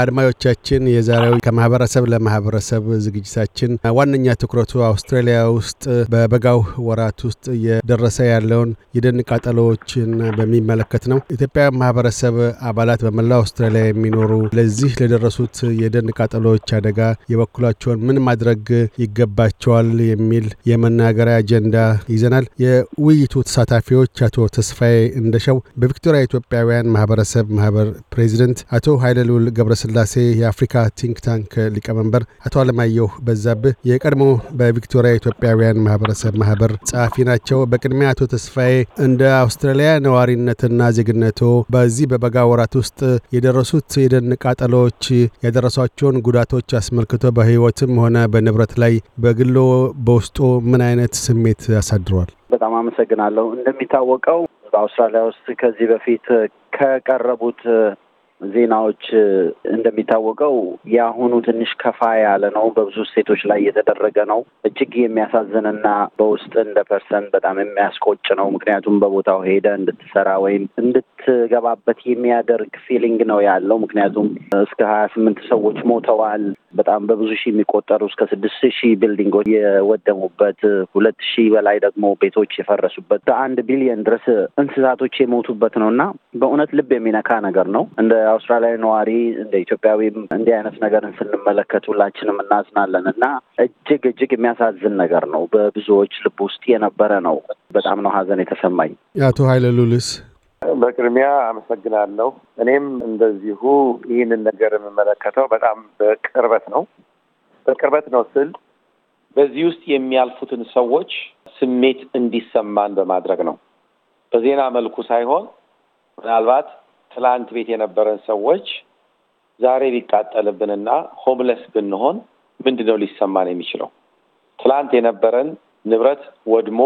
አድማጮቻችን የዛሬው ከማህበረሰብ ለማህበረሰብ ዝግጅታችን ዋነኛ ትኩረቱ አውስትራሊያ ውስጥ በበጋው ወራት ውስጥ እየደረሰ ያለውን የደን ቃጠሎዎችን በሚመለከት ነው። ኢትዮጵያ ማህበረሰብ አባላት በመላው አውስትራሊያ የሚኖሩ ለዚህ ለደረሱት የደን ቃጠሎዎች አደጋ የበኩላቸውን ምን ማድረግ ይገባቸዋል የሚል የመናገሪያ አጀንዳ ይዘናል። የውይይቱ ተሳታፊዎች አቶ ተስፋዬ እንደሸው በቪክቶሪያ ኢትዮጵያውያን ማህበረሰብ ማህበር ፕሬዚደንት፣ አቶ ሀይለሉል ገብረ ገብረስላሴ የአፍሪካ ቲንክ ታንክ ሊቀመንበር፣ አቶ አለማየሁ በዛብህ የቀድሞ በቪክቶሪያ ኢትዮጵያውያን ማህበረሰብ ማህበር ጸሐፊ ናቸው። በቅድሚያ አቶ ተስፋዬ እንደ አውስትራሊያ ነዋሪነትና ዜግነቶ በዚህ በበጋ ወራት ውስጥ የደረሱት የደን ቃጠሎዎች ያደረሷቸውን ጉዳቶች አስመልክቶ በህይወትም ሆነ በንብረት ላይ በግሎ በውስጡ ምን አይነት ስሜት አሳድሯል? በጣም አመሰግናለሁ። እንደሚታወቀው በአውስትራሊያ ውስጥ ከዚህ በፊት ከቀረቡት ዜናዎች እንደሚታወቀው የአሁኑ ትንሽ ከፋ ያለ ነው። በብዙ ሴቶች ላይ የተደረገ ነው። እጅግ የሚያሳዝንና በውስጥ እንደ ፐርሰን በጣም የሚያስቆጭ ነው። ምክንያቱም በቦታው ሄደ እንድትሰራ ወይም እንድትገባበት የሚያደርግ ፊሊንግ ነው ያለው። ምክንያቱም እስከ ሀያ ስምንት ሰዎች ሞተዋል። በጣም በብዙ ሺህ የሚቆጠሩ እስከ ስድስት ሺህ ቢልዲንጎች የወደሙበት ሁለት ሺህ በላይ ደግሞ ቤቶች የፈረሱበት ከአንድ ቢሊየን ድረስ እንስሳቶች የሞቱበት ነው እና በእውነት ልብ የሚነካ ነገር ነው። እንደ አውስትራሊያዊ ነዋሪ እንደ ኢትዮጵያዊም እንዲህ አይነት ነገርን ስንመለከት ሁላችንም እናዝናለን እና እጅግ እጅግ የሚያሳዝን ነገር ነው። በብዙዎች ልብ ውስጥ የነበረ ነው። በጣም ነው ሀዘን የተሰማኝ። አቶ ሀይለ ሉልስ በቅድሚያ አመሰግናለሁ። እኔም እንደዚሁ ይህንን ነገር የምመለከተው በጣም በቅርበት ነው። በቅርበት ነው ስል በዚህ ውስጥ የሚያልፉትን ሰዎች ስሜት እንዲሰማን በማድረግ ነው። በዜና መልኩ ሳይሆን ምናልባት ትላንት ቤት የነበረን ሰዎች ዛሬ ቢቃጠልብንና ሆምለስ ብንሆን ምንድን ነው ሊሰማን የሚችለው? ትላንት የነበረን ንብረት ወድሞ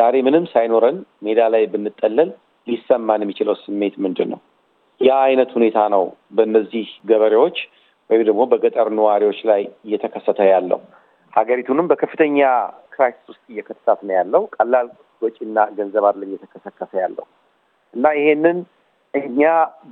ዛሬ ምንም ሳይኖረን ሜዳ ላይ ብንጠለል ሊሰማን የሚችለው ስሜት ምንድን ነው? ያ አይነት ሁኔታ ነው በእነዚህ ገበሬዎች ወይም ደግሞ በገጠር ነዋሪዎች ላይ እየተከሰተ ያለው። ሀገሪቱንም በከፍተኛ ክራይሲስ ውስጥ እየከተታት ነው ያለው። ቀላል ወጪና ገንዘብ አይደለም እየተከሰከሰ ያለው እና ይሄንን እኛ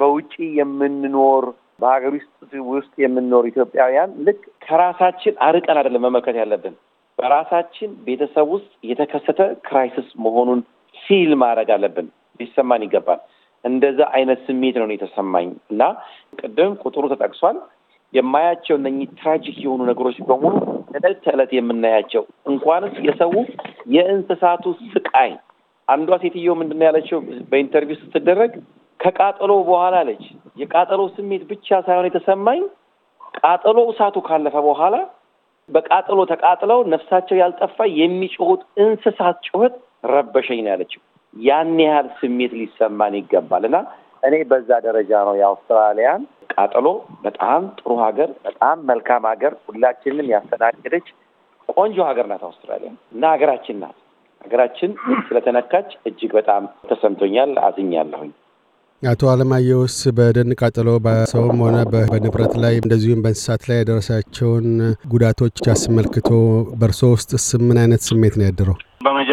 በውጪ የምንኖር በሀገር ውስጥ ውስጥ የምንኖር ኢትዮጵያውያን ልክ ከራሳችን አርቀን አይደለም መመልከት ያለብን በራሳችን ቤተሰብ ውስጥ የተከሰተ ክራይሲስ መሆኑን ፊል ማድረግ አለብን። ሊሰማን ይገባል። እንደዛ አይነት ስሜት ነው የተሰማኝ እና ቅድም ቁጥሩ ተጠቅሷል የማያቸው እነኚህ ትራጂክ የሆኑ ነገሮች በሙሉ ዕለት ተዕለት የምናያቸው እንኳንስ የሰው የእንስሳቱ ስቃይ። አንዷ ሴትዮ ምንድን ነው ያለችው በኢንተርቪው ስትደረግ ከቃጠሎ በኋላ አለች የቃጠሎ ስሜት ብቻ ሳይሆን የተሰማኝ ቃጠሎ እሳቱ ካለፈ በኋላ በቃጠሎ ተቃጥለው ነፍሳቸው ያልጠፋ የሚጮሁት እንስሳት ጩኸት ረበሸኝ ነው ያለችው። ያን ያህል ስሜት ሊሰማን ይገባል እና እኔ በዛ ደረጃ ነው የአውስትራሊያን ቃጠሎ በጣም ጥሩ ሀገር፣ በጣም መልካም ሀገር፣ ሁላችንም ያስተናገደች ቆንጆ ሀገር ናት አውስትራሊያ እና ሀገራችን ናት። ሀገራችን ስለተነካች እጅግ በጣም ተሰምቶኛል፣ አዝኛለሁኝ። አቶ አለማየሁስ በደን ቃጠሎ በሰውም ሆነ በንብረት ላይ እንደዚሁም በእንስሳት ላይ የደረሳቸውን ጉዳቶች አስመልክቶ በእርሶ ውስጥ ምን አይነት ስሜት ነው ያደረው?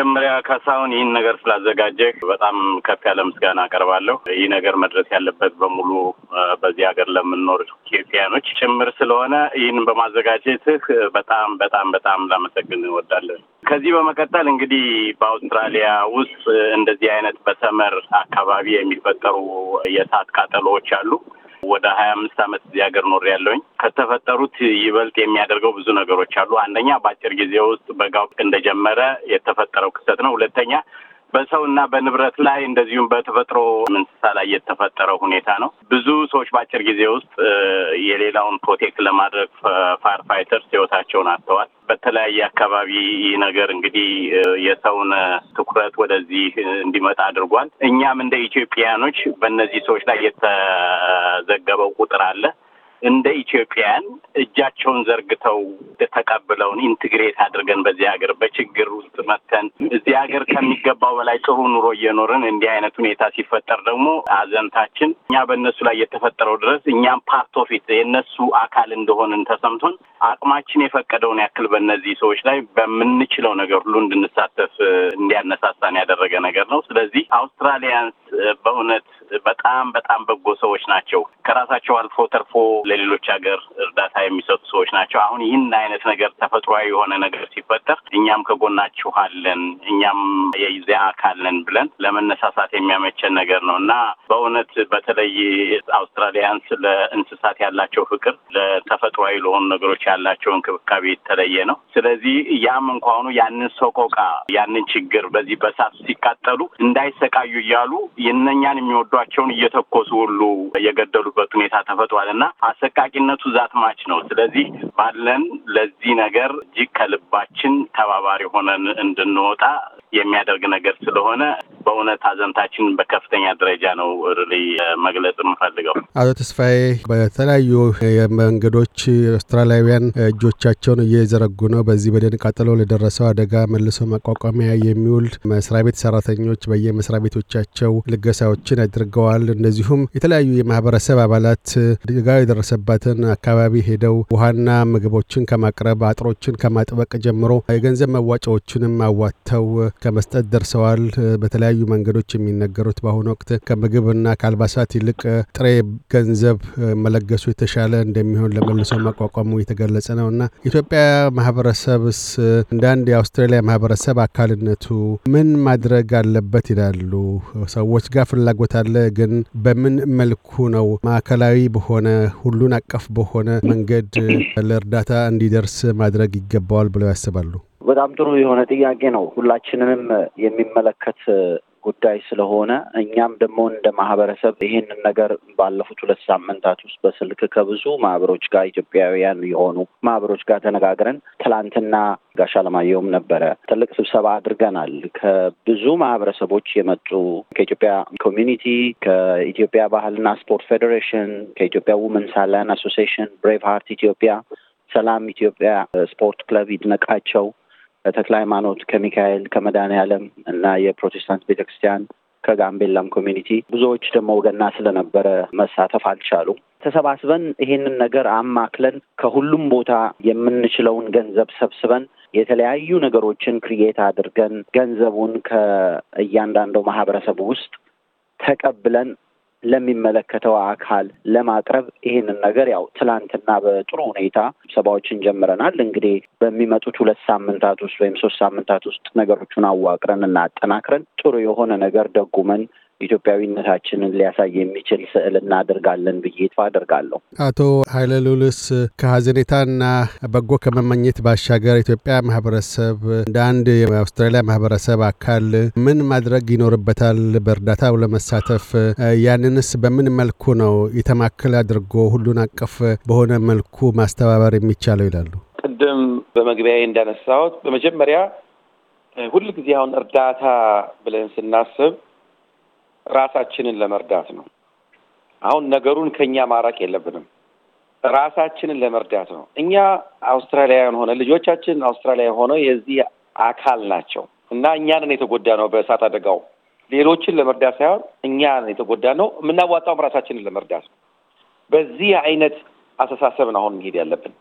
በመጀመሪያ ካሳሁን ይህን ነገር ስላዘጋጀህ በጣም ከፍ ያለ ምስጋና አቀርባለሁ። ይህ ነገር መድረስ ያለበት በሙሉ በዚህ ሀገር ለምንኖር ኢትዮጵያኖች ጭምር ስለሆነ ይህን በማዘጋጀትህ በጣም በጣም በጣም ላመሰግን እንወዳለን። ከዚህ በመቀጠል እንግዲህ በአውስትራሊያ ውስጥ እንደዚህ አይነት በሰመር አካባቢ የሚፈጠሩ የእሳት ቃጠሎዎች አሉ። ወደ ሀያ አምስት ዓመት እዚህ ሀገር ኖር ያለውኝ ከተፈጠሩት ይበልጥ የሚያደርገው ብዙ ነገሮች አሉ። አንደኛ በአጭር ጊዜ ውስጥ በጋው እንደጀመረ የተፈጠረው ክስተት ነው። ሁለተኛ በሰው እና በንብረት ላይ እንደዚሁም በተፈጥሮ እንስሳ ላይ የተፈጠረው ሁኔታ ነው። ብዙ ሰዎች በአጭር ጊዜ ውስጥ የሌላውን ፕሮቴክት ለማድረግ ፋር ፋይተርስ ህይወታቸውን አጥተዋል። በተለያየ አካባቢ ይህ ነገር እንግዲህ የሰውን ትኩረት ወደዚህ እንዲመጣ አድርጓል። እኛም እንደ ኢትዮጵያኖች በእነዚህ ሰዎች ላይ የተዘገበው ቁጥር አለ። እንደ ኢትዮጵያን እጃቸውን ዘርግተው ተቀብለውን ኢንትግሬት አድርገን በዚህ ሀገር በችግር ውስጥ መተን እዚህ ሀገር ከሚገባው በላይ ጥሩ ኑሮ እየኖርን እንዲህ አይነት ሁኔታ ሲፈጠር ደግሞ አዘንታችን እኛ በእነሱ ላይ የተፈጠረው ድረስ እኛም ፓርት ኦፍ ኢት የእነሱ አካል እንደሆንን ተሰምቶን አቅማችን የፈቀደውን ያክል በእነዚህ ሰዎች ላይ በምንችለው ነገር ሁሉ እንድንሳተፍ እንዲያነሳሳን ያደረገ ነገር ነው። ስለዚህ አውስትራሊያንስ በእውነት በጣም በጣም በጎ ሰዎች ናቸው። ከራሳቸው አልፎ ተርፎ ለሌሎች ሀገር እርዳታ የሚሰጡ ሰዎች ናቸው። አሁን ይህን አይነት ነገር ተፈጥሯዊ የሆነ ነገር ሲፈጠር እኛም ከጎናችሁ አለን፣ እኛም የዚያ አካል ነን ብለን ለመነሳሳት የሚያመቸን ነገር ነው እና በእውነት በተለይ ስለ ለእንስሳት ያላቸው ፍቅር፣ ለተፈጥሯዊ ለሆኑ ነገሮች ያላቸው እንክብካቤ የተለየ ነው። ስለዚህ ያም እንኳኑ ያንን ሰቆቃ ያንን ችግር በዚህ በሳት ሲቃጠሉ እንዳይሰቃዩ እያሉ የእነኛን የሚወዷቸውን እየተኮሱ ሁሉ የገደሉበት ሁኔታ ተፈጥሯል እና አሰቃቂነቱ ዛት ማች ነው። ስለዚህ ባለን ለዚህ ነገር እጅግ ከልባችን ተባባሪ ሆነን እንድንወጣ የሚያደርግ ነገር ስለሆነ በእውነት ሀዘንታችን በከፍተኛ ደረጃ ነው ርልይ መግለጽ የምፈልገው። አቶ ተስፋዬ በተለያዩ መንገዶች አውስትራሊያውያን እጆቻቸውን እየዘረጉ ነው። በዚህ በደን ቃጠሎ ለደረሰው አደጋ መልሶ ማቋቋሚያ የሚውል መስሪያ ቤት ሰራተኞች በየመስሪያ ቤቶቻቸው ልገሳዎችን አድርገዋል። እንደዚሁም የተለያዩ የማህበረሰብ አባላት አደጋው የደረሰባትን አካባቢ ሄደው ውሃና ምግቦችን ከማቅረብ አጥሮችን ከማጥበቅ ጀምሮ የገንዘብ መዋጫዎችንም አዋጥተው ከመስጠት ደርሰዋል። በተለያዩ መንገዶች የሚነገሩት በአሁኑ ወቅት ከምግብና ከአልባሳት ይልቅ ጥሬ ገንዘብ መለገሱ የተሻለ እንደሚሆን ለመልሶ ማቋቋሙ የተገለጸ ነው እና ኢትዮጵያ ማህበረሰብስ እንደ አንድ የአውስትራሊያ ማህበረሰብ አካልነቱ ምን ማድረግ አለበት ይላሉ? ሰዎች ጋር ፍላጎት አለ፣ ግን በምን መልኩ ነው ማዕከላዊ በሆነ ሁሉን አቀፍ በሆነ መንገድ ለእርዳታ እንዲደርስ ማድረግ ይገባዋል ብለው ያስባሉ? በጣም ጥሩ የሆነ ጥያቄ ነው። ሁላችንንም የሚመለከት ጉዳይ ስለሆነ እኛም ደግሞ እንደ ማህበረሰብ ይህንን ነገር ባለፉት ሁለት ሳምንታት ውስጥ በስልክ ከብዙ ማህበሮች ጋር ኢትዮጵያውያን የሆኑ ማህበሮች ጋር ተነጋግረን ትላንትና ጋሽ አለማየሁም ነበረ ትልቅ ስብሰባ አድርገናል። ከብዙ ማህበረሰቦች የመጡ ከኢትዮጵያ ኮሚኒቲ፣ ከኢትዮጵያ ባህልና ስፖርት ፌዴሬሽን፣ ከኢትዮጵያ ውመንስ አላያን አሶሴሽን፣ ብሬቭ ሀርት ኢትዮጵያ፣ ሰላም ኢትዮጵያ ስፖርት ክለብ ይድነቃቸው ተክለ ሃይማኖት ከሚካኤል ከመድኃኔ ዓለም እና የፕሮቴስታንት ቤተክርስቲያን ከጋምቤላም ኮሚኒቲ ብዙዎች ደግሞ ገና ስለነበረ መሳተፍ አልቻሉ ተሰባስበን ይሄንን ነገር አማክለን ከሁሉም ቦታ የምንችለውን ገንዘብ ሰብስበን የተለያዩ ነገሮችን ክሪኤት አድርገን ገንዘቡን ከእያንዳንዱ ማህበረሰቡ ውስጥ ተቀብለን ለሚመለከተው አካል ለማቅረብ ይህንን ነገር ያው ትላንትና በጥሩ ሁኔታ ስብሰባዎችን ጀምረናል። እንግዲህ በሚመጡት ሁለት ሳምንታት ውስጥ ወይም ሶስት ሳምንታት ውስጥ ነገሮቹን አዋቅረን እና አጠናክረን ጥሩ የሆነ ነገር ደጉመን ኢትዮጵያዊነታችንን ሊያሳይ የሚችል ስዕል እናደርጋለን ብዬ ይፋ አደርጋለሁ። አቶ ሀይለ ሉልስ ከሀዘኔታና በጎ ከመመኘት ባሻገር ኢትዮጵያ ማህበረሰብ እንደ አንድ የአውስትራሊያ ማህበረሰብ አካል ምን ማድረግ ይኖርበታል? በእርዳታው ለመሳተፍ ያንንስ በምን መልኩ ነው የተማከለ አድርጎ ሁሉን አቀፍ በሆነ መልኩ ማስተባበር የሚቻለው ይላሉ። ቅድም በመግቢያዬ እንዳነሳሁት በመጀመሪያ ጊዜ አሁን እርዳታ ብለን ስናስብ ራሳችንን ለመርዳት ነው። አሁን ነገሩን ከኛ ማራቅ የለብንም። ራሳችንን ለመርዳት ነው። እኛ አውስትራሊያውያን ሆነ ልጆቻችን አውስትራሊያ ሆነው የዚህ አካል ናቸው እና እኛንን የተጎዳ ነው በእሳት አደጋው ሌሎችን ለመርዳት ሳይሆን እኛን የተጎዳ ነው። የምናዋጣውም ራሳችንን ለመርዳት ነው። በዚህ አይነት አስተሳሰብን አሁን መሄድ ያለብን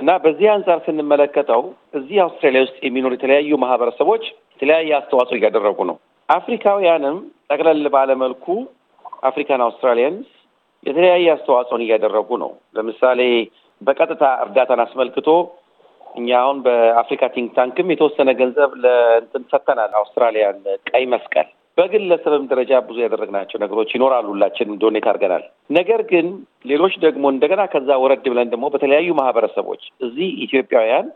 እና በዚህ አንጻር ስንመለከተው እዚህ አውስትራሊያ ውስጥ የሚኖሩ የተለያዩ ማህበረሰቦች የተለያየ አስተዋጽኦ እያደረጉ ነው። አፍሪካውያንም ጠቅለል ባለመልኩ አፍሪካን አውስትራሊያንስ የተለያየ አስተዋጽኦን እያደረጉ ነው። ለምሳሌ በቀጥታ እርዳታን አስመልክቶ እኛ አሁን በአፍሪካ ቲንክ ታንክም የተወሰነ ገንዘብ ለእንትን ሰጥተናል። አውስትራሊያን ቀይ መስቀል በግለሰብም ደረጃ ብዙ ያደረግናቸው ነገሮች ይኖራሉ። ሁላችንም ዶኔት አድርገናል። ነገር ግን ሌሎች ደግሞ እንደገና ከዛ ወረድ ብለን ደግሞ በተለያዩ ማህበረሰቦች እዚህ ኢትዮጵያውያን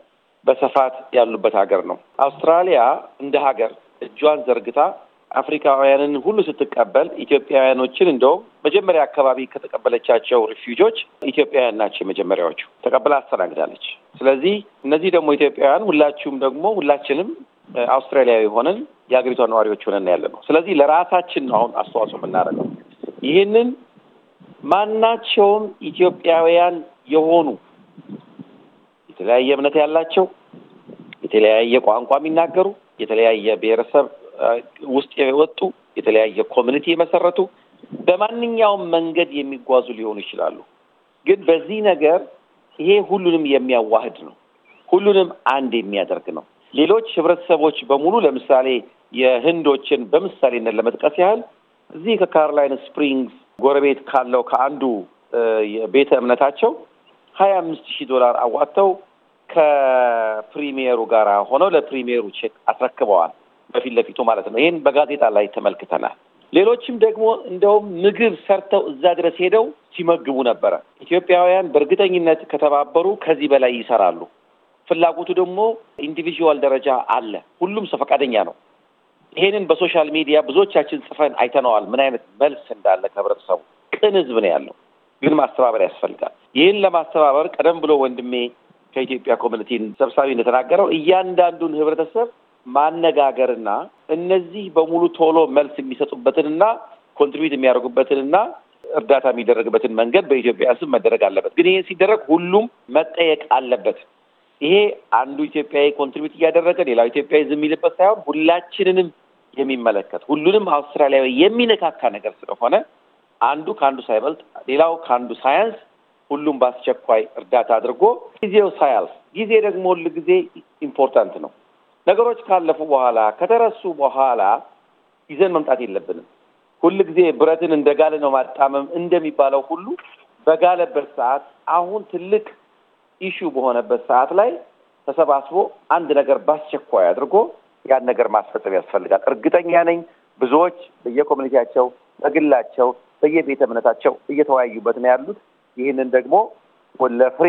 በስፋት ያሉበት ሀገር ነው። አውስትራሊያ እንደ ሀገር እጇን ዘርግታ አፍሪካውያንን ሁሉ ስትቀበል ኢትዮጵያውያኖችን እንደውም መጀመሪያ አካባቢ ከተቀበለቻቸው ሪፊውጆች ኢትዮጵያውያን ናቸው የመጀመሪያዎቹ ተቀብላ አስተናግዳለች። ስለዚህ እነዚህ ደግሞ ኢትዮጵያውያን ሁላችሁም ደግሞ ሁላችንም አውስትራሊያዊ ሆነን የሀገሪቷ ነዋሪዎች ሆነን ያለ ነው። ስለዚህ ለራሳችን ነው አሁን አስተዋጽኦ የምናደርገው። ይህንን ማናቸውም ኢትዮጵያውያን የሆኑ የተለያየ እምነት ያላቸው የተለያየ ቋንቋ የሚናገሩ የተለያየ ብሔረሰብ ውስጥ የወጡ የተለያየ ኮሚኒቲ የመሰረቱ በማንኛውም መንገድ የሚጓዙ ሊሆኑ ይችላሉ። ግን በዚህ ነገር ይሄ ሁሉንም የሚያዋህድ ነው። ሁሉንም አንድ የሚያደርግ ነው። ሌሎች ህብረተሰቦች በሙሉ ለምሳሌ የህንዶችን በምሳሌነት ለመጥቀስ ያህል እዚህ ከካሮላይን ስፕሪንግስ ጎረቤት ካለው ከአንዱ ቤተ እምነታቸው ሀያ አምስት ሺህ ዶላር አዋጥተው ከፕሪሚየሩ ጋር ሆነው ለፕሪሚየሩ ቼክ አስረክበዋል። በፊት ለፊቱ ማለት ነው። ይህን በጋዜጣ ላይ ተመልክተናል። ሌሎችም ደግሞ እንደውም ምግብ ሰርተው እዛ ድረስ ሄደው ሲመግቡ ነበረ። ኢትዮጵያውያን በእርግጠኝነት ከተባበሩ ከዚህ በላይ ይሰራሉ። ፍላጎቱ ደግሞ ኢንዲቪዥዋል ደረጃ አለ። ሁሉም ሰው ፈቃደኛ ነው። ይሄንን በሶሻል ሚዲያ ብዙዎቻችን ጽፈን አይተነዋል። ምን አይነት መልስ እንዳለ ከህብረተሰቡ ቅን ህዝብ ነው ያለው። ግን ማስተባበር ያስፈልጋል። ይህን ለማስተባበር ቀደም ብሎ ወንድሜ ከኢትዮጵያ ኮሚኒቲን ሰብሳቢ እንደተናገረው እያንዳንዱን ህብረተሰብ ማነጋገርና እነዚህ በሙሉ ቶሎ መልስ የሚሰጡበትንና ኮንትሪቢዩት የሚያደርጉበትንና እርዳታ የሚደረግበትን መንገድ በኢትዮጵያ ስም መደረግ አለበት። ግን ይህን ሲደረግ ሁሉም መጠየቅ አለበት። ይሄ አንዱ ኢትዮጵያዊ ኮንትሪቢዩት እያደረገ ሌላው ኢትዮጵያዊ ዝም የሚልበት ሳይሆን ሁላችንንም የሚመለከት ሁሉንም አውስትራሊያዊ የሚነካካ ነገር ስለሆነ አንዱ ከአንዱ ሳይበልጥ ሌላው ከአንዱ ሳያንስ ሁሉም በአስቸኳይ እርዳታ አድርጎ ጊዜው ሳያልፍ ጊዜ ደግሞ ሁል ጊዜ ኢምፖርታንት ነው። ነገሮች ካለፉ በኋላ ከተረሱ በኋላ ይዘን መምጣት የለብንም። ሁል ጊዜ ብረትን እንደ ጋለ ነው ማጣመም እንደሚባለው ሁሉ በጋለበት ሰዓት አሁን ትልቅ ኢሹ በሆነበት ሰዓት ላይ ተሰባስቦ አንድ ነገር በአስቸኳይ አድርጎ ያን ነገር ማስፈጸም ያስፈልጋል። እርግጠኛ ነኝ ብዙዎች በየኮሚኒቲያቸው፣ በግላቸው፣ በየቤተ እምነታቸው እየተወያዩበት ነው ያሉት። ይህንን ደግሞ ለፍሬ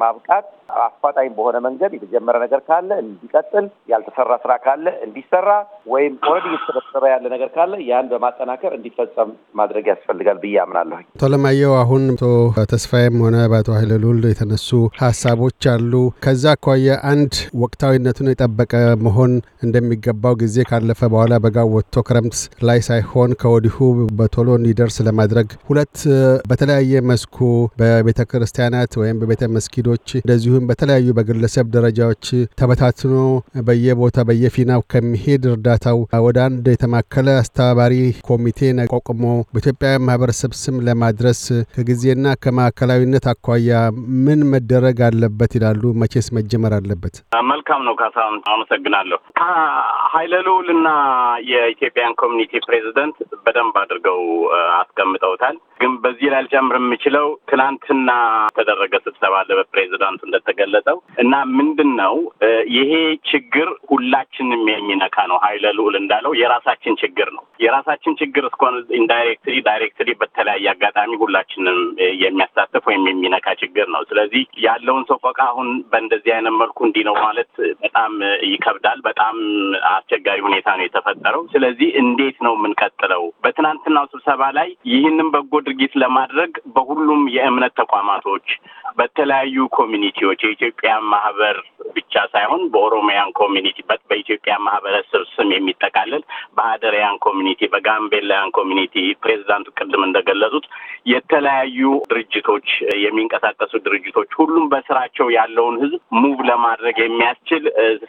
ማብቃት አፋጣኝ በሆነ መንገድ የተጀመረ ነገር ካለ እንዲቀጥል፣ ያልተሰራ ስራ ካለ እንዲሰራ፣ ወይም ኦልሬዲ እየተሰበሰበ ያለ ነገር ካለ ያን በማጠናከር እንዲፈጸም ማድረግ ያስፈልጋል ብዬ አምናለሁ። አቶ አሁን አቶ ተስፋዬም ሆነ በአቶ ሀይለሉል የተነሱ ሀሳቦች አሉ። ከዛ አኳያ አንድ ወቅታዊነቱን የጠበቀ መሆን እንደሚገባው ጊዜ ካለፈ በኋላ በጋ ወጥቶ ክረምት ላይ ሳይሆን ከወዲሁ በቶሎ እንዲደርስ ለማድረግ ሁለት በተለያየ መስኩ በቤተ ክርስቲያናት ተቋማት ወይም በቤተ መስጊዶች እንደዚሁም በተለያዩ በግለሰብ ደረጃዎች ተበታትኖ በየቦታ በየፊናው ከሚሄድ እርዳታው ወደ አንድ የተማከለ አስተባባሪ ኮሚቴ ነቋቁሞ በኢትዮጵያ ማህበረሰብ ስም ለማድረስ ከጊዜና ከማዕከላዊነት አኳያ ምን መደረግ አለበት ይላሉ? መቼስ መጀመር አለበት? መልካም ነው። ካሳሁን አመሰግናለሁ። ከሀይለ ልዑልና የኢትዮጵያን ኮሚኒቲ ፕሬዚደንት በደንብ አድርገው አስቀምጠውታል። ግን በዚህ ላይ ልጨምር የምችለው ትናንትና የተደረገ ስብሰባ አለ በፕሬዚዳንቱ እንደተገለጸው እና ምንድን ነው ይሄ ችግር ሁላችንም የሚነካ ነው። ሀይለ ልዑል እንዳለው የራሳችን ችግር ነው። የራሳችን ችግር እስኮን ኢንዳይሬክትሊ፣ ዳይሬክትሊ በተለያየ አጋጣሚ ሁላችንም የሚያሳትፍ ወይም የሚነካ ችግር ነው። ስለዚህ ያለውን ሰቆቃ አሁን በእንደዚህ አይነት መልኩ እንዲህ ነው ማለት በጣም ይከብዳል። በጣም አስቸጋሪ ሁኔታ ነው የተፈጠረው። ስለዚህ እንዴት ነው የምንቀጥለው? በትናንትናው ስብሰባ ላይ ይህንን በጎ ድርጊት ለማድረግ በሁሉም የእምነት ተቋማቶች በተለያዩ ኮሚኒቲዎች የኢትዮጵያ ማህበር ብቻ ሳይሆን በኦሮሚያን ኮሚኒቲ በኢትዮጵያ ማህበረሰብ ስም የሚጠቃለል በሀደሪያን ኮሚኒቲ፣ በጋምቤላያን ኮሚኒቲ ፕሬዚዳንቱ ቅድም እንደገለጹት የተለያዩ ድርጅቶች የሚንቀሳቀሱ ድርጅቶች ሁሉም በስራቸው ያለውን ህዝብ ሙቭ ለማድረግ የሚያስችል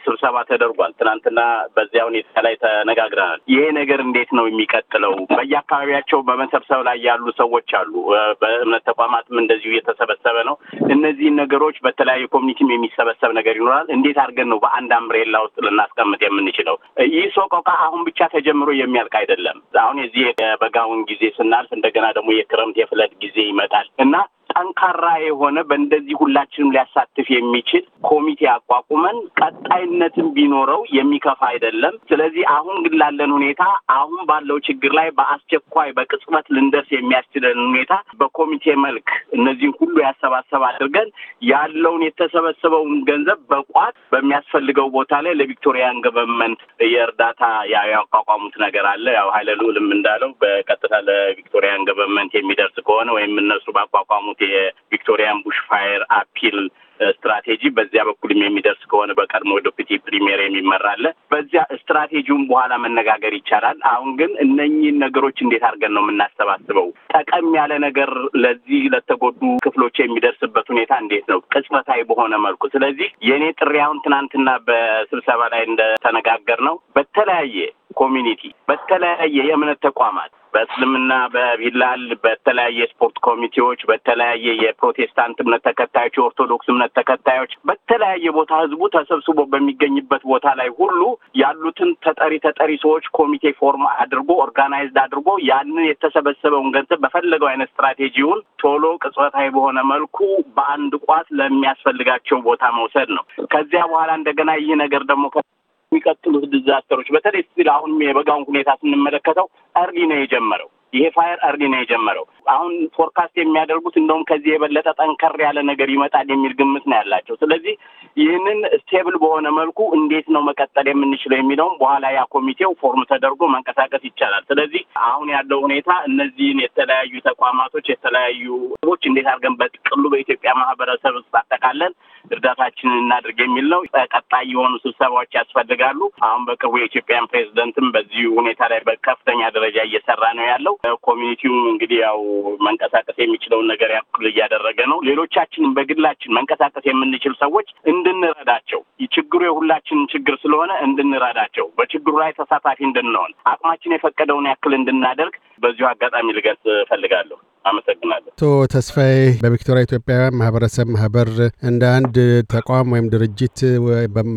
ስብሰባ ተደርጓል። ትናንትና በዚያ ሁኔታ ላይ ተነጋግረናል። ይሄ ነገር እንዴት ነው የሚቀጥለው? በየአካባቢያቸው በመሰብሰብ ላይ ያሉ ሰዎች አሉ። በእምነት ተቋማትም እንደዚሁ እየተሰበሰበ ነው። እነዚህን ነገሮች በተለያዩ ኮሚኒቲም የሚሰበሰብ ነገር ይኖራል። እንዴት አድርገን ነው በአንድ አምብሬላ ውስጥ ልናስቀምጥ የምንችለው? ይህ ሶቆቃ አሁን ብቻ ተጀምሮ የሚያልቅ አይደለም። አሁን የዚህ የበጋውን ጊዜ ስናልፍ እንደገና ደግሞ የክረምት የፍለድ ጊዜ ይመጣል እና ጠንካራ የሆነ በእንደዚህ ሁላችንም ሊያሳትፍ የሚችል ኮሚቴ አቋቁመን ቀጣይነትን ቢኖረው የሚከፋ አይደለም። ስለዚህ አሁን ግን ላለን ሁኔታ አሁን ባለው ችግር ላይ በአስቸኳይ በቅጽበት ልንደርስ የሚያስችለን ሁኔታ በኮሚቴ መልክ እነዚህን ሁሉ ያሰባሰብ አድርገን ያለውን የተሰበሰበውን ገንዘብ በቋት በሚያስፈልገው ቦታ ላይ ለቪክቶሪያን ገቨርንመንት የእርዳታ ያቋቋሙት ነገር አለ። ያው ሀይለ ልዑልም እንዳለው በቀጥታ ለቪክቶሪያን ገቨርንመንት የሚደርስ ከሆነ ወይም እነሱ ባቋቋሙት የቪክቶሪያን ፋየር አፒል ስትራቴጂ በዚያ በኩልም የሚደርስ ከሆነ በቀድሞ ዶፒቲ ፕሪሚየር የሚመራለ በዚያ ስትራቴጂውን በኋላ መነጋገር ይቻላል። አሁን ግን እነኚህን ነገሮች እንዴት አድርገን ነው የምናሰባስበው? ጠቀም ያለ ነገር ለዚህ ለተጎዱ ክፍሎች የሚደርስበት ሁኔታ እንዴት ነው ቅጽበታዊ በሆነ መልኩ። ስለዚህ የእኔ ጥሪ አሁን ትናንትና በስብሰባ ላይ እንደተነጋገር ነው በተለያየ ኮሚኒቲ በተለያየ የእምነት ተቋማት በእስልምና በቢላል በተለያየ የስፖርት ኮሚቴዎች በተለያየ የፕሮቴስታንት እምነት ተከታዮች የኦርቶዶክስ እምነት ተከታዮች በተለያየ ቦታ ህዝቡ ተሰብስቦ በሚገኝበት ቦታ ላይ ሁሉ ያሉትን ተጠሪ ተጠሪ ሰዎች ኮሚቴ ፎርም አድርጎ ኦርጋናይዝድ አድርጎ ያንን የተሰበሰበውን ገንዘብ በፈለገው አይነት ስትራቴጂውን ቶሎ ቅጽበታዊ በሆነ መልኩ በአንድ ቋት ለሚያስፈልጋቸው ቦታ መውሰድ ነው። ከዚያ በኋላ እንደገና ይህ ነገር ደግሞ የሚቀጥሉት ዲዛስተሮች በተለይ ስል አሁን የበጋውን ሁኔታ ስንመለከተው እርሊ ነው የጀመረው። ይሄ ፋየር እርሊ ነው የጀመረው። አሁን ፎርካስት የሚያደርጉት እንደውም ከዚህ የበለጠ ጠንከር ያለ ነገር ይመጣል የሚል ግምት ነው ያላቸው። ስለዚህ ይህንን ስቴብል በሆነ መልኩ እንዴት ነው መቀጠል የምንችለው የሚለውም በኋላ ያ ኮሚቴው ፎርም ተደርጎ መንቀሳቀስ ይቻላል። ስለዚህ አሁን ያለው ሁኔታ እነዚህን የተለያዩ ተቋማቶች የተለያዩ ቦች እንዴት አድርገን በጥቅሉ በኢትዮጵያ ማህበረሰብ ውስጥ አጠቃለን እርዳታችንን እናድርግ የሚል ነው። ቀጣይ የሆኑ ስብሰባዎች ያስፈልጋሉ። አሁን በቅርቡ የኢትዮጵያን ፕሬዚደንትም በዚህ ሁኔታ ላይ በከፍተኛ ደረጃ እየሰራ ነው ያለው። ኮሚኒቲውም እንግዲህ ያው መንቀሳቀስ የሚችለውን ነገር ያክል እያደረገ ነው። ሌሎቻችንም በግላችን መንቀሳቀስ የምንችል ሰዎች እንድንረዳቸው ችግሩ የሁላችንም ችግር ስለሆነ እንድንረዳቸው፣ በችግሩ ላይ ተሳታፊ እንድንሆን፣ አቅማችን የፈቀደውን ያክል እንድናደርግ በዚሁ አጋጣሚ ልገልጽ እፈልጋለሁ። አመሰግናለሁ። አቶ ተስፋዬ በቪክቶሪያ ኢትዮጵያውያን ማህበረሰብ ማህበር እንደ አንድ ተቋም ወይም ድርጅት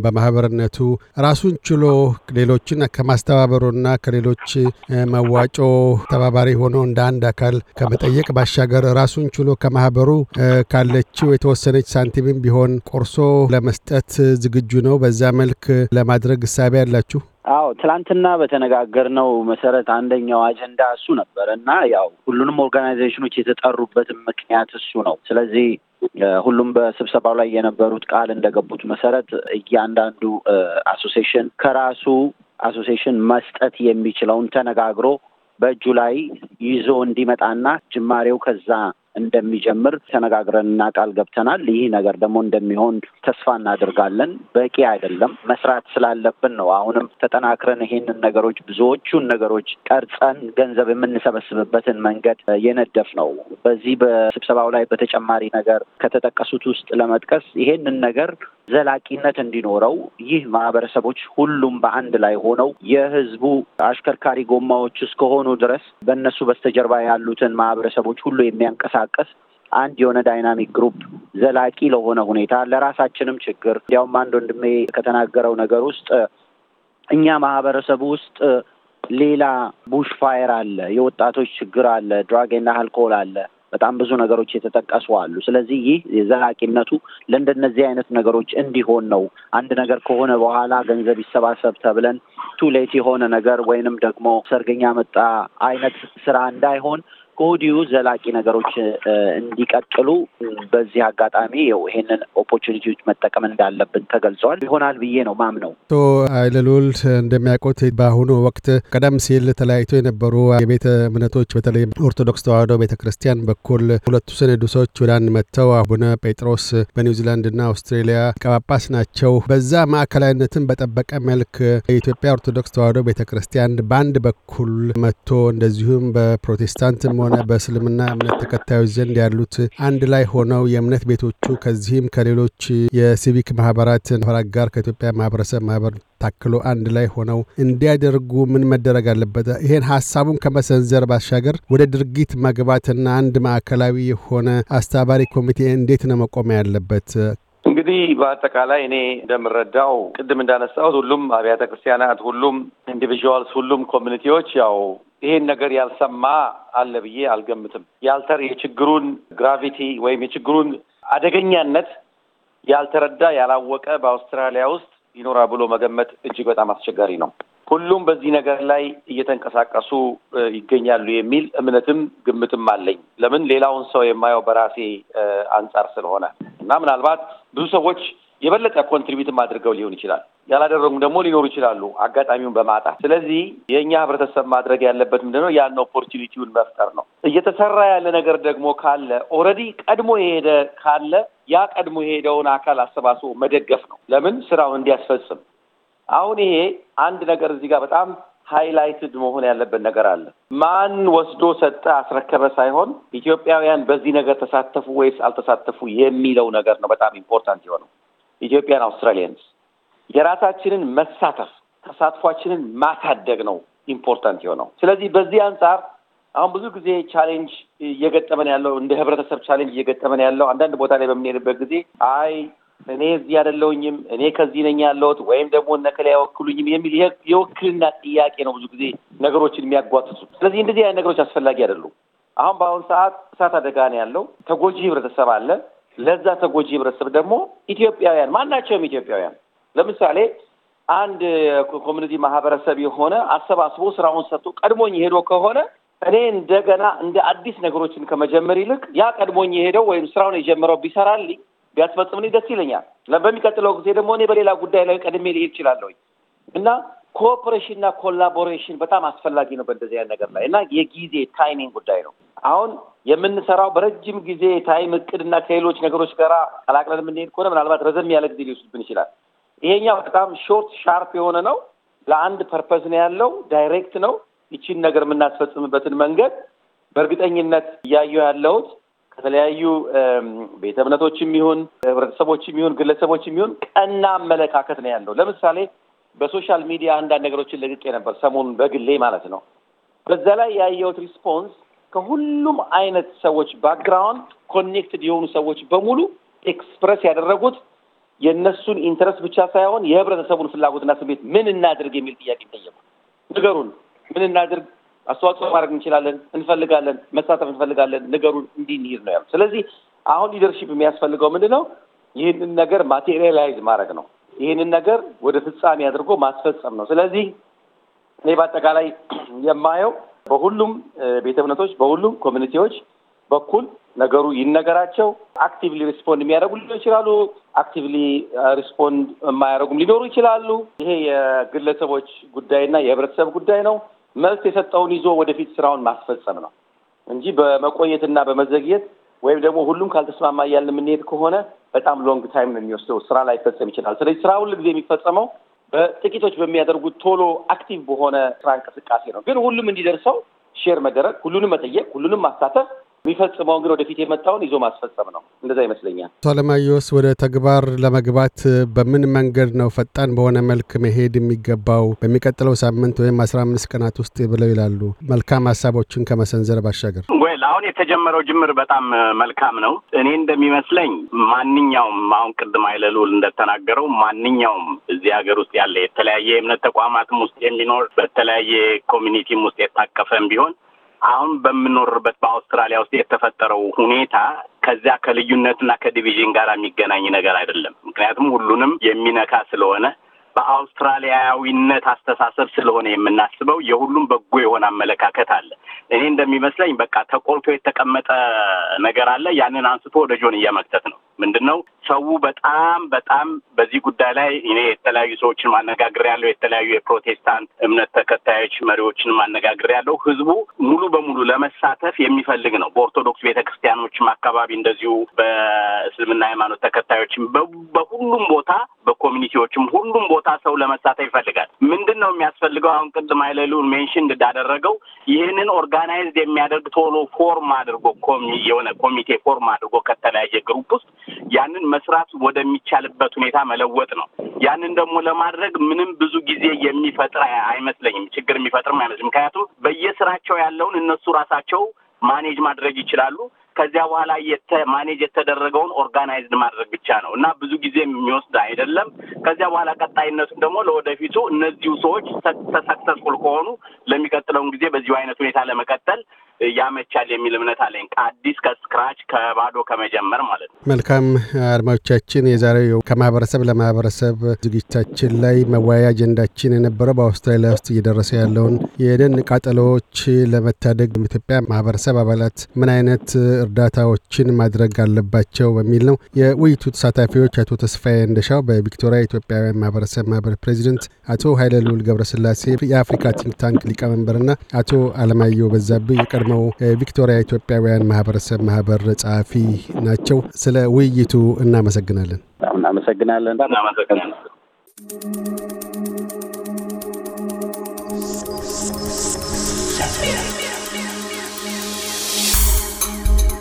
በማህበርነቱ ራሱን ችሎ ሌሎችን ከማስተባበሩና ከሌሎች መዋጮ ተባባሪ ሆኖ እንደ አንድ አካል ከመጠየቅ ባሻገር ራሱን ችሎ ከማህበሩ ካለችው የተወሰነች ሳንቲምም ቢሆን ቆርሶ ለመስጠት ዝግጁ ነው። በዛ መልክ ለማድረግ እሳቤ አላችሁ። አዎ ትላንትና በተነጋገርነው መሰረት አንደኛው አጀንዳ እሱ ነበር እና ያው ሁሉንም ኦርጋናይዜሽኖች የተጠሩበትን ምክንያት እሱ ነው። ስለዚህ ሁሉም በስብሰባው ላይ የነበሩት ቃል እንደገቡት መሰረት እያንዳንዱ አሶሴሽን ከራሱ አሶሴሽን መስጠት የሚችለውን ተነጋግሮ በእጁ ላይ ይዞ እንዲመጣና ጅማሬው ከዛ እንደሚጀምር ተነጋግረንና ቃል ገብተናል። ይህ ነገር ደግሞ እንደሚሆን ተስፋ እናደርጋለን። በቂ አይደለም፣ መስራት ስላለብን ነው። አሁንም ተጠናክረን ይሄንን ነገሮች ብዙዎቹን ነገሮች ቀርጸን ገንዘብ የምንሰበስብበትን መንገድ የነደፍ ነው። በዚህ በስብሰባው ላይ በተጨማሪ ነገር ከተጠቀሱት ውስጥ ለመጥቀስ ይሄንን ነገር ዘላቂነት እንዲኖረው ይህ ማህበረሰቦች ሁሉም በአንድ ላይ ሆነው የህዝቡ አሽከርካሪ ጎማዎች እስከሆኑ ድረስ በእነሱ በስተጀርባ ያሉትን ማህበረሰቦች ሁሉ የሚያንቀሳቀስ አንድ የሆነ ዳይናሚክ ግሩፕ ዘላቂ ለሆነ ሁኔታ ለራሳችንም ችግር እንዲያውም አንድ ወንድሜ ከተናገረው ነገር ውስጥ እኛ ማህበረሰቡ ውስጥ ሌላ ቡሽ ፋየር አለ፣ የወጣቶች ችግር አለ፣ ድራግና አልኮል አለ በጣም ብዙ ነገሮች የተጠቀሱ አሉ። ስለዚህ ይህ የዘላቂነቱ ለእንደነዚህ አይነት ነገሮች እንዲሆን ነው። አንድ ነገር ከሆነ በኋላ ገንዘብ ይሰባሰብ ተብለን ቱሌት የሆነ ነገር ወይንም ደግሞ ሰርገኛ መጣ አይነት ስራ እንዳይሆን ከወዲሁ ዘላቂ ነገሮች እንዲቀጥሉ በዚህ አጋጣሚ ው ይሄንን ኦፖርቹኒቲዎች መጠቀም እንዳለብን ተገልጿል ይሆናል ብዬ ነው ማምነው። አቶ ኃይለልዑል እንደሚያውቁት በአሁኑ ወቅት ቀደም ሲል ተለያይቶ የነበሩ የቤተ እምነቶች በተለይ ኦርቶዶክስ ተዋህዶ ቤተ ክርስቲያን በኩል ሁለቱ ሰነዱሶች ወደ አንድ መጥተው አቡነ ጴጥሮስ በኒውዚላንድና አውስትሬሊያ ሊቀ ጳጳስ ናቸው። በዛ ማዕከላዊነትን በጠበቀ መልክ የኢትዮጵያ ኦርቶዶክስ ተዋህዶ ቤተ ክርስቲያን በአንድ በኩል መጥቶ እንደዚሁም በፕሮቴስታንት ሆነ በእስልምና እምነት ተከታዮች ዘንድ ያሉት አንድ ላይ ሆነው የእምነት ቤቶቹ ከዚህም ከሌሎች የሲቪክ ማህበራት ሆራት ጋር ከኢትዮጵያ ማህበረሰብ ማህበር ታክሎ አንድ ላይ ሆነው እንዲያደርጉ ምን መደረግ አለበት? ይሄን ሀሳቡን ከመሰንዘር ባሻገር ወደ ድርጊት መግባትና አንድ ማዕከላዊ የሆነ አስተባባሪ ኮሚቴ እንዴት ነው መቆም ያለበት? እንግዲህ በአጠቃላይ እኔ እንደምረዳው ቅድም እንዳነሳሁት ሁሉም አብያተ ክርስቲያናት፣ ሁሉም ኢንዲቪዥዋልስ፣ ሁሉም ኮሚኒቲዎች ያው ይሄን ነገር ያልሰማ አለ ብዬ አልገምትም። ያልተር የችግሩን ግራቪቲ ወይም የችግሩን አደገኛነት ያልተረዳ ያላወቀ በአውስትራሊያ ውስጥ ይኖራ ብሎ መገመት እጅግ በጣም አስቸጋሪ ነው። ሁሉም በዚህ ነገር ላይ እየተንቀሳቀሱ ይገኛሉ የሚል እምነትም ግምትም አለኝ። ለምን ሌላውን ሰው የማየው በራሴ አንጻር ስለሆነ እና ምናልባት ብዙ ሰዎች የበለጠ ኮንትሪቢትም አድርገው ሊሆን ይችላል። ያላደረጉም ደግሞ ሊኖሩ ይችላሉ አጋጣሚውን በማጣት። ስለዚህ የእኛ ህብረተሰብ ማድረግ ያለበት ምንድነው? ያን ኦፖርቹኒቲውን መፍጠር ነው። እየተሰራ ያለ ነገር ደግሞ ካለ ኦልሬዲ ቀድሞ የሄደ ካለ ያ ቀድሞ የሄደውን አካል አሰባስቦ መደገፍ ነው። ለምን ስራውን እንዲያስፈጽም። አሁን ይሄ አንድ ነገር እዚህ ጋር በጣም ሃይላይትድ መሆን ያለበት ነገር አለ። ማን ወስዶ ሰጠ አስረከበ ሳይሆን ኢትዮጵያውያን በዚህ ነገር ተሳተፉ ወይስ አልተሳተፉ የሚለው ነገር ነው በጣም ኢምፖርታንት የሆነው። ኢትዮጵያን አውስትራሊያንስ የራሳችንን መሳተፍ ተሳትፏችንን ማሳደግ ነው ኢምፖርታንት የሆነው። ስለዚህ በዚህ አንጻር አሁን ብዙ ጊዜ ቻሌንጅ እየገጠመን ያለው እንደ ህብረተሰብ ቻሌንጅ እየገጠመን ያለው አንዳንድ ቦታ ላይ በምንሄድበት ጊዜ አይ እኔ እዚህ ያደለውኝም እኔ ከዚህ ነኝ ያለሁት ወይም ደግሞ እነከላ አይወክሉኝም የሚል የወክልና ጥያቄ ነው ብዙ ጊዜ ነገሮችን የሚያጓትቱ። ስለዚህ እንደዚህ አይነት ነገሮች አስፈላጊ አይደሉም። አሁን በአሁኑ ሰዓት እሳት አደጋ ነው ያለው። ተጎጂ ህብረተሰብ አለ። ለዛ ተጎጂ ህብረተሰብ ደግሞ ኢትዮጵያውያን ማናቸውም ኢትዮጵያውያን ለምሳሌ አንድ ኮሚኒቲ ማህበረሰብ የሆነ አሰባስቦ ስራውን ሰጥቶ ቀድሞኝ ሄዶ ከሆነ እኔ እንደገና እንደ አዲስ ነገሮችን ከመጀመር ይልቅ ያ ቀድሞኝ የሄደው ወይም ስራውን የጀመረው ቢሰራልኝ ቢያስፈጽምልኝ ደስ ይለኛል። በሚቀጥለው ጊዜ ደግሞ እኔ በሌላ ጉዳይ ላይ ቀድሜ ልሄድ እችላለሁኝ እና ኮኦፕሬሽን እና ኮላቦሬሽን በጣም አስፈላጊ ነው በእንደዚህ አይነት ነገር ላይ እና የጊዜ ታይሚንግ ጉዳይ ነው። አሁን የምንሰራው በረጅም ጊዜ ታይም እቅድና ከሌሎች ነገሮች ጋር ቀላቅለን የምንሄድ ከሆነ ምናልባት ረዘም ያለ ጊዜ ሊወስድብን ይችላል። ይሄኛው በጣም ሾርት ሻርፕ የሆነ ነው። ለአንድ ፐርፐዝ ነው ያለው፣ ዳይሬክት ነው። ይችን ነገር የምናስፈጽምበትን መንገድ በእርግጠኝነት እያየሁ ያለሁት ከተለያዩ ቤተ እምነቶችም ይሁን ህብረተሰቦችም ይሁን ግለሰቦችም ይሁን ቀና አመለካከት ነው ያለው። ለምሳሌ በሶሻል ሚዲያ አንዳንድ ነገሮችን ለቅቄ ነበር፣ ሰሞኑን በግሌ ማለት ነው። በዛ ላይ ያየሁት ሪስፖንስ ከሁሉም አይነት ሰዎች ባክግራውንድ ኮኔክትድ የሆኑ ሰዎች በሙሉ ኤክስፕረስ ያደረጉት የእነሱን ኢንተረስት ብቻ ሳይሆን የህብረተሰቡን ፍላጎትና ስሜት ምን እናድርግ የሚል ጥያቄ ጠየቁ። ንገሩን፣ ምን እናድርግ አስተዋጽኦ ማድረግ እንችላለን፣ እንፈልጋለን፣ መሳተፍ እንፈልጋለን፣ ነገሩን እንዲህ እንሂድ ነው ያሉት። ስለዚህ አሁን ሊደርሺፕ የሚያስፈልገው ምንድን ነው? ይህንን ነገር ማቴሪያላይዝ ማድረግ ነው። ይህንን ነገር ወደ ፍጻሜ አድርጎ ማስፈጸም ነው። ስለዚህ እኔ በአጠቃላይ የማየው በሁሉም ቤተ እምነቶች፣ በሁሉም ኮሚኒቲዎች በኩል ነገሩ ይነገራቸው። አክቲቭሊ ሪስፖንድ የሚያደርጉ ሊኖሩ ይችላሉ። አክቲቭሊ ሪስፖንድ የማያደርጉም ሊኖሩ ይችላሉ። ይሄ የግለሰቦች ጉዳይና የህብረተሰብ ጉዳይ ነው። መልስ የሰጠውን ይዞ ወደፊት ስራውን ማስፈጸም ነው እንጂ በመቆየትና በመዘግየት ወይም ደግሞ ሁሉም ካልተስማማ እያልን የምንሄድ ከሆነ በጣም ሎንግ ታይም ነው የሚወስደው፣ ስራ ላይፈጸም ይችላል። ስለዚህ ስራ ሁሉ ጊዜ የሚፈጸመው በጥቂቶች በሚያደርጉት ቶሎ አክቲቭ በሆነ ስራ እንቅስቃሴ ነው። ግን ሁሉም እንዲደርሰው ሼር መደረግ፣ ሁሉንም መጠየቅ፣ ሁሉንም ማሳተፍ የሚፈጽመው ግን ወደፊት የመጣውን ይዞ ማስፈጸም ነው። እንደዛ ይመስለኛል። አቶ አለማየሁስ ወደ ተግባር ለመግባት በምን መንገድ ነው ፈጣን በሆነ መልክ መሄድ የሚገባው በሚቀጥለው ሳምንት ወይም አስራ አምስት ቀናት ውስጥ ብለው ይላሉ። መልካም ሀሳቦችን ከመሰንዘር ባሻገር ወይል አሁን የተጀመረው ጅምር በጣም መልካም ነው። እኔ እንደሚመስለኝ ማንኛውም አሁን ቅድም አይለሉል እንደተናገረው ማንኛውም እዚህ ሀገር ውስጥ ያለ የተለያየ የእምነት ተቋማትም ውስጥ የሚኖር በተለያየ ኮሚኒቲም ውስጥ የታቀፈም ቢሆን አሁን በምኖርበት በአውስትራሊያ ውስጥ የተፈጠረው ሁኔታ ከዚያ ከልዩነትና ከዲቪዥን ጋር የሚገናኝ ነገር አይደለም። ምክንያቱም ሁሉንም የሚነካ ስለሆነ በአውስትራሊያዊነት አስተሳሰብ ስለሆነ የምናስበው የሁሉም በጎ የሆነ አመለካከት አለ። እኔ እንደሚመስለኝ በቃ ተቆልቶ የተቀመጠ ነገር አለ። ያንን አንስቶ ወደ ጆንያ መክተት ነው። ምንድን ነው ሰው በጣም በጣም በዚህ ጉዳይ ላይ እኔ የተለያዩ ሰዎችን ያለው የተለያዩ የፕሮቴስታንት እምነት ተከታዮች መሪዎችንም ያለው ህዝቡ ሙሉ በሙሉ ለመሳተፍ የሚፈልግ ነው። በኦርቶዶክስ ቤተክርስቲያኖችም አካባቢ እንደዚሁ በእስልምና ሃይማኖት ተከታዮችም በሁሉም ቦታ በኮሚኒቲዎችም ሁሉም ቦታ ሰው ለመሳተፍ ይፈልጋል። ምንድን ነው የሚያስፈልገው? አሁን ቅድም አይለሉን ሜንሽን እንዳደረገው ይህንን ኦርጋናይዝድ የሚያደርግ ቶሎ ፎርም አድርጎ የሆነ ኮሚቴ ፎርም አድርጎ ከተለያየ ግሩፕ ውስጥ ያንን መስራት ወደሚቻልበት ሁኔታ መለወጥ ነው። ያንን ደግሞ ለማድረግ ምንም ብዙ ጊዜ የሚፈጥር አይመስለኝም፣ ችግር የሚፈጥርም አይመስለኝም። ምክንያቱም በየስራቸው ያለውን እነሱ ራሳቸው ማኔጅ ማድረግ ይችላሉ። ከዚያ በኋላ ማኔጅ የተደረገውን ኦርጋናይዝድ ማድረግ ብቻ ነው እና ብዙ ጊዜ የሚወስድ አይደለም። ከዚያ በኋላ ቀጣይነቱን ደግሞ ለወደፊቱ እነዚሁ ሰዎች ተሰክሰስፉል ከሆኑ ለሚቀጥለውን ጊዜ በዚሁ አይነት ሁኔታ ለመቀጠል ያመቻል የሚል እምነት አለኝ። አዲስ ከስክራች ከባዶ ከመጀመር ማለት ነው። መልካም አድማጮቻችን፣ የዛሬው ከማህበረሰብ ለማህበረሰብ ዝግጅታችን ላይ መወያያ አጀንዳችን የነበረው በአውስትራሊያ ውስጥ እየደረሰ ያለውን የደን ቃጠሎዎች ለመታደግ ኢትዮጵያ ማህበረሰብ አባላት ምን አይነት እርዳታዎችን ማድረግ አለባቸው በሚል ነው። የውይይቱ ተሳታፊዎች አቶ ተስፋዬ እንደሻው በቪክቶሪያ ኢትዮጵያውያን ማህበረሰብ ማህበር ፕሬዚደንት፣ አቶ ኃይለ ልዑል ገብረስላሴ የአፍሪካ ቲንክ ታንክ ሊቀመንበርና አቶ አለማየሁ በዛብህ የቀድሞው ቪክቶሪያ ኢትዮጵያውያን ማህበረሰብ ማህበር ጸሐፊ ናቸው። ስለ ውይይቱ እናመሰግናለን። እናመሰግናለን።